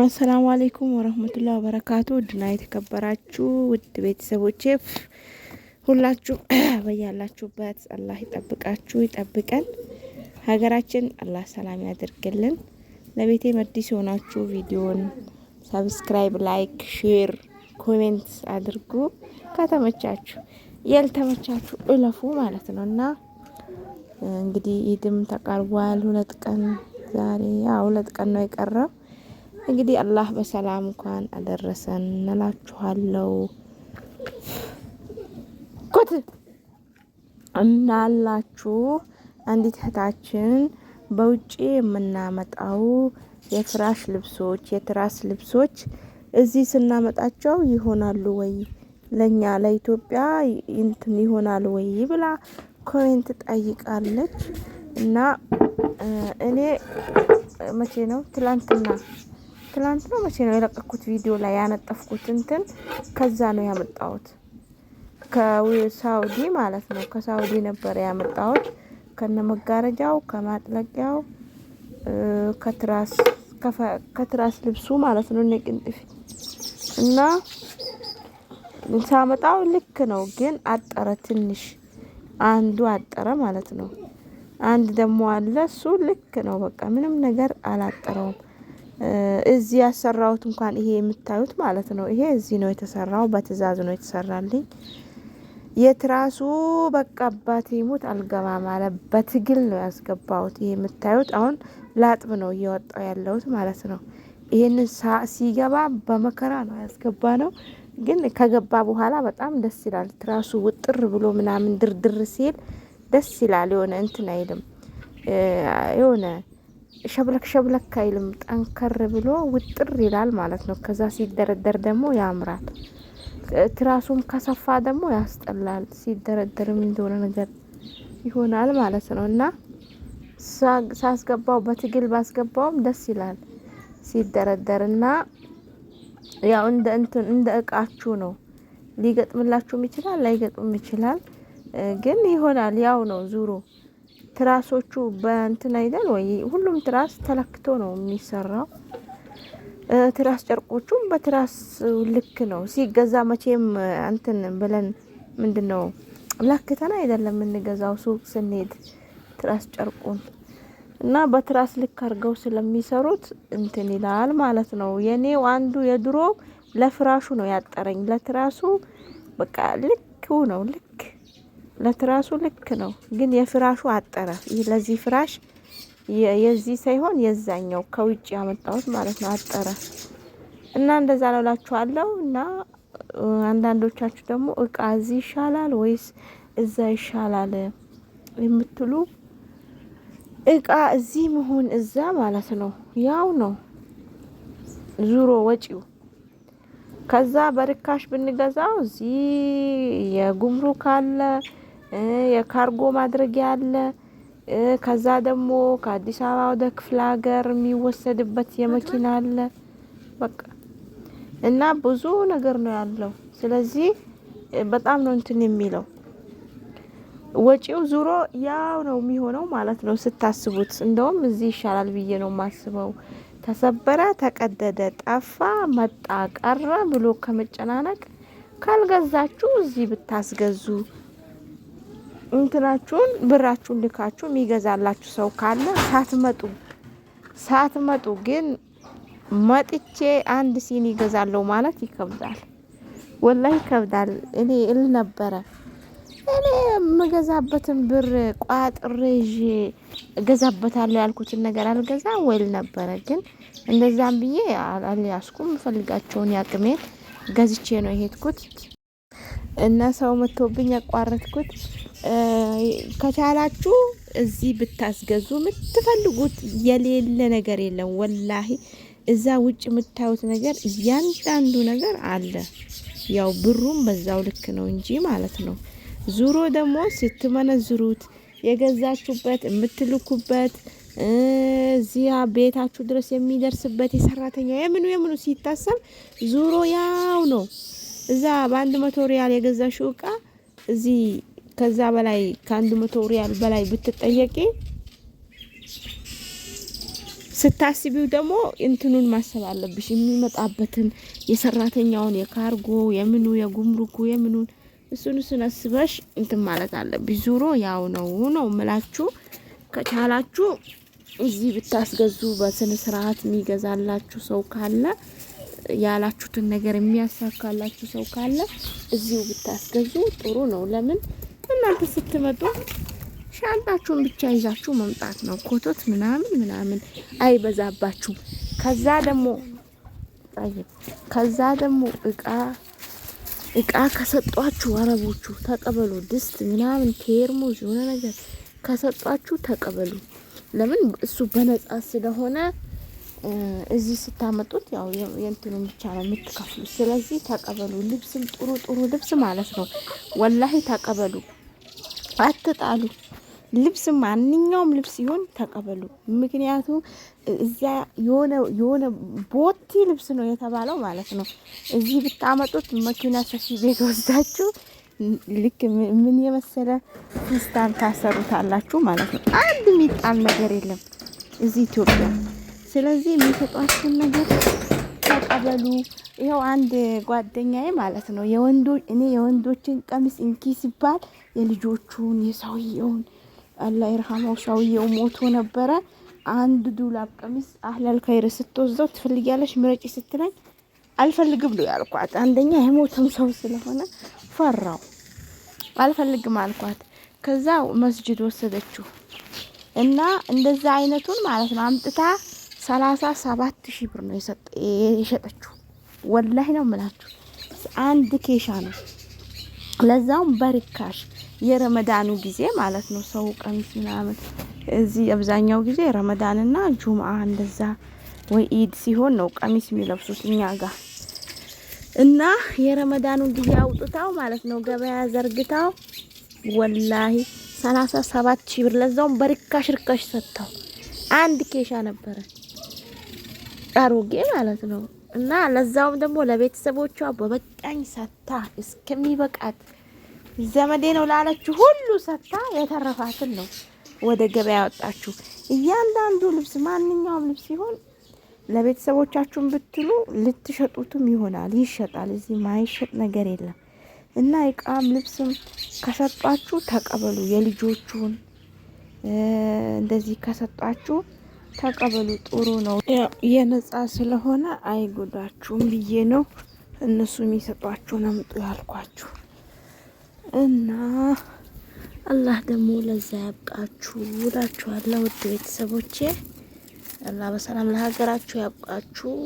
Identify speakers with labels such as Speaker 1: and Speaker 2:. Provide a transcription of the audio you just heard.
Speaker 1: አሰላሙ አሌይኩም ወረህመቱላ ወበረካቱ ድና የተከበራችሁ ውድ ቤተሰቦቼ ሁላችሁ በያላችሁበት አላህ ይጠብቃችሁ ይጠብቀን። ሀገራችን አላህ ሰላም ያደርግልን። ለቤቴ መዲስ የሆናችሁ ቪዲዮን ሰብስክራይብ፣ ላይክ፣ ሼር፣ ኮሜንት አድርጉ። ከተመቻችሁ ያልተመቻችሁ እለፉ ማለት ነው እና እንግዲህ ኢድም ተቃርቧል። ሁለት ቀን ዛሬ ሁለት ቀን ነው የቀረው እንግዲህ አላህ በሰላም እንኳን አደረሰን እንላችኋለው ኮት እናላችሁ። አንዲት እህታችን በውጭ የምናመጣው የፍራሽ ልብሶች፣ የትራስ ልብሶች እዚህ ስናመጣቸው ይሆናሉ ወይ ለኛ ለኢትዮጵያ እንትን ይሆናል ወይ ብላ ኮሜንት ጠይቃለች እና እኔ መቼ ነው ትላንትና ትላንት ነው መቼ ነው የለቀኩት ቪዲዮ ላይ ያነጠፍኩት እንትን ከዛ ነው ያመጣሁት። ከሳውዲ ማለት ነው ከሳውዲ ነበረ ያመጣሁት ከነ መጋረጃው ከማጥለቂያው ከትራስ ከትራስ ልብሱ ማለት ነው እኔ ቅንጥፊ እና ሳመጣው ልክ ነው፣ ግን አጠረ ትንሽ አንዱ አጠረ ማለት ነው። አንድ ደግሞ አለ እሱ ልክ ነው። በቃ ምንም ነገር አላጠረውም። እዚህ ያሰራሁት እንኳን ይሄ የምታዩት ማለት ነው። ይሄ እዚህ ነው የተሰራው፣ በትእዛዝ ነው የተሰራልኝ። የትራሱ በቃ አባቴ ሙት አልገባ ማለት በትግል ነው ያስገባሁት። ይሄ የምታዩት አሁን ላጥብ ነው እየወጣው ያለሁት ማለት ነው። ይህንን ሲገባ በመከራ ነው ያስገባ ነው፣ ግን ከገባ በኋላ በጣም ደስ ይላል። ትራሱ ውጥር ብሎ ምናምን ድርድር ሲል ደስ ይላል። የሆነ እንትን አይልም የሆነ ሸብለክ ሸብለክ አይልም፣ ጠንከር ብሎ ውጥር ይላል ማለት ነው። ከዛ ሲደረደር ደግሞ ያምራል። ትራሱም ከሰፋ ደግሞ ያስጠላል። ሲደረደርም እንደሆነ ነገር ይሆናል ማለት ነው። እና ሳስገባው በትግል ባስገባውም ደስ ይላል ሲደረደር እና ያው እንደ እንትን እንደ እቃችሁ ነው። ሊገጥምላችሁም ይችላል፣ ላይገጥምም ይችላል። ግን ይሆናል ያው ነው ዙሩ ትራሶቹ በእንትን አይደል ወይ? ሁሉም ትራስ ተለክቶ ነው የሚሰራው። ትራስ ጨርቆቹም በትራስ ልክ ነው ሲገዛ። መቼም እንትን ብለን ምንድን ነው ለክተን አይደለም የምንገዛው ሱቅ ስንሄድ ትራስ ጨርቁን እና በትራስ ልክ አድርገው ስለሚሰሩት እንትን ይላል ማለት ነው። የኔው አንዱ የድሮ ለፍራሹ ነው ያጠረኝ፣ ለትራሱ በቃ ልክ ነው ልክ ለትራሱ ልክ ነው፣ ግን የፍራሹ አጠረ። ለዚህ ፍራሽ የዚህ ሳይሆን የዛኛው ከውጭ ያመጣሁት ማለት ነው አጠረ እና እንደዛ ነው ላችኋለሁ። እና አንዳንዶቻችሁ ደግሞ እቃ እዚህ ይሻላል ወይስ እዛ ይሻላል የምትሉ እቃ እዚህ መሆን እዛ ማለት ነው ያው ነው ዙሮ ወጪው። ከዛ በርካሽ ብንገዛው እዚህ የጉምሩክ አለ የካርጎ ማድረጊያ አለ። ከዛ ደግሞ ከአዲስ አበባ ወደ ክፍለ ሀገር የሚወሰድበት የመኪና አለ። በቃ እና ብዙ ነገር ነው ያለው። ስለዚህ በጣም ነው እንትን የሚለው ወጪው ዙሮ ያው ነው የሚሆነው ማለት ነው ስታስቡት። እንደውም እዚህ ይሻላል ብዬ ነው የማስበው። ተሰበረ፣ ተቀደደ፣ ጠፋ፣ መጣ፣ ቀረ ብሎ ከመጨናነቅ ካልገዛችሁ እዚህ ብታስገዙ እንትናችሁን ብራችሁን ልካችሁ የሚገዛላችሁ ሰው ካለ ሳትመጡ ሳትመጡ ግን መጥቼ አንድ ሲኒ ይገዛለሁ ማለት ይከብዳል። ወላሂ ይከብዳል። እኔ እል ነበረ እኔ የምገዛበትን ብር ቋጥሬ ይዤ እገዛበታለሁ ያልኩትን ነገር አልገዛም ወይል ነበረ። ግን እንደዛም ብዬ አልያዝኩም። የምፈልጋቸውን ያቅሜን ገዝቼ ነው የሄድኩት እና ሰው መጥቶብኝ ያቋረጥኩት ከቻላችሁ እዚህ ብታስገዙ የምትፈልጉት የሌለ ነገር የለም። ወላሂ እዛ ውጭ የምታዩት ነገር እያንዳንዱ ነገር አለ። ያው ብሩም በዛው ልክ ነው እንጂ ማለት ነው። ዙሮ ደግሞ ስትመነዝሩት የገዛችሁበት የምትልኩበት እዚያ ቤታችሁ ድረስ የሚደርስበት የሰራተኛ የምኑ የምኑ ሲታሰብ ዙሮ ያው ነው። እዛ በአንድ መቶ ሪያል የገዛሽው እቃ እዚህ ከዛ በላይ ከአንድ መቶ ሪያል በላይ ብትጠየቂ ስታስቢው ደግሞ እንትኑን ማሰብ አለብሽ፣ የሚመጣበትን የሰራተኛውን፣ የካርጎ የምኑ፣ የጉምሩኩ የምኑን እሱን እሱን አስበሽ እንትን ማለት አለብሽ። ዙሮ ያው ነው ነው ምላችሁ ከቻላችሁ እዚህ ብታስገዙ በስነ ስርዓት የሚገዛላችሁ ሰው ካለ ያላችሁትን ነገር የሚያሳካላችሁ ሰው ካለ እዚሁ ብታስገዙ ጥሩ ነው። ለምን እናንተ ስትመጡ ሻንጣችሁን ብቻ ይዛችሁ መምጣት ነው። ኮቶት ምናምን ምናምን አይበዛባችሁ። ከዛ ደግሞ ከዛ ደግሞ እቃ እቃ ከሰጧችሁ አረቦቹ ተቀበሉ። ድስት ምናምን ቴርሞስ የሆነ ነገር ከሰጧችሁ ተቀበሉ። ለምን እሱ በነጻ ስለሆነ እዚህ ስታመጡት ያው የእንትኑን ብቻ ነው የምትከፍሉ። ስለዚህ ተቀበሉ። ልብስም ጥሩ ጥሩ ልብስ ማለት ነው። ወላሂ ተቀበሉ። አትጣሉ። ልብስ ማንኛውም ልብስ ሲሆን ተቀበሉ። ምክንያቱም እዚያ የሆነ የሆነ ቦቲ ልብስ ነው የተባለው ማለት ነው። እዚህ ብታመጡት መኪና ሰፊ ቤት ወስዳችሁ ልክ ምን የመሰለ ክስታን ታሰሩታላችሁ ማለት ነው። አንድ የሚጣል ነገር የለም እዚህ ኢትዮጵያ። ስለዚህ የሚሰጧችሁን ነገር ተቀበሉ። ይኸው አንድ ጓደኛዬ ማለት ነው የወንዶ እኔ የወንዶችን ቀሚስ እንኪ ሲባል የልጆቹን የሰውየውን አላ ይርሃማው ሰውየው ሞቶ ነበረ። አንድ ዱላብ ቀሚስ አህላል ከይረ ስትወስደው ትፈልጊያለሽ ምረጭ ስትለኝ አልፈልግ ብሎ ያልኳት። አንደኛ የሞተም ሰው ስለሆነ ፈራው አልፈልግም አልኳት። ከዛ መስጅድ ወሰደችው እና እንደዛ አይነቱን ማለት ነው አምጥታ ሰላሳ ሰባት ሺህ ብር ነው የሸጠችው። ወላሂ ነው ምላችሁ አንድ ኬሻ ነው ለዛውም በርካሽ የረመዳኑ ጊዜ ማለት ነው። ሰው ቀሚስ ምናምን እዚህ አብዛኛው ጊዜ ረመዳንና ጁምአ እንደዛ ወይ ኢድ ሲሆን ነው ቀሚስ የሚለብሱት እኛ ጋር እና የረመዳኑ ጊዜ አውጥታው ማለት ነው ገበያ ዘርግታው ወላሂ ሰላሳ ሰባት ሺህ ብር ለዛውም በርካሽ ርካሽ ሰጥተው አንድ ኬሻ ነበረ። አሮጌ ማለት ነው እና ለዛውም ደግሞ ለቤተሰቦቿ በበቃኝ ሰታ እስከሚበቃት ዘመዴ ነው ላለች ሁሉ ሰታ የተረፋትን ነው ወደ ገበያ ያወጣችሁ። እያንዳንዱ ልብስ ማንኛውም ልብስ ሲሆን ለቤተሰቦቻችሁም ብትሉ ልትሸጡትም ይሆናል፣ ይሸጣል። እዚህ ማይሸጥ ነገር የለም እና እቃም ልብስም ከሰጧችሁ ተቀበሉ። የልጆቹን እንደዚህ ከሰጧችሁ ተቀበሉ። ጥሩ ነው። የነጻ ስለሆነ አይጎዳችሁም ብዬ ነው እነሱ የሚሰጧችሁ ነምጡ ያልኳችሁ እና አላህ ደግሞ ለዛ ያብቃችሁ እላችኋለሁ። ውድ ቤተሰቦቼ አላህ በሰላም ለሀገራችሁ ያብቃችሁ።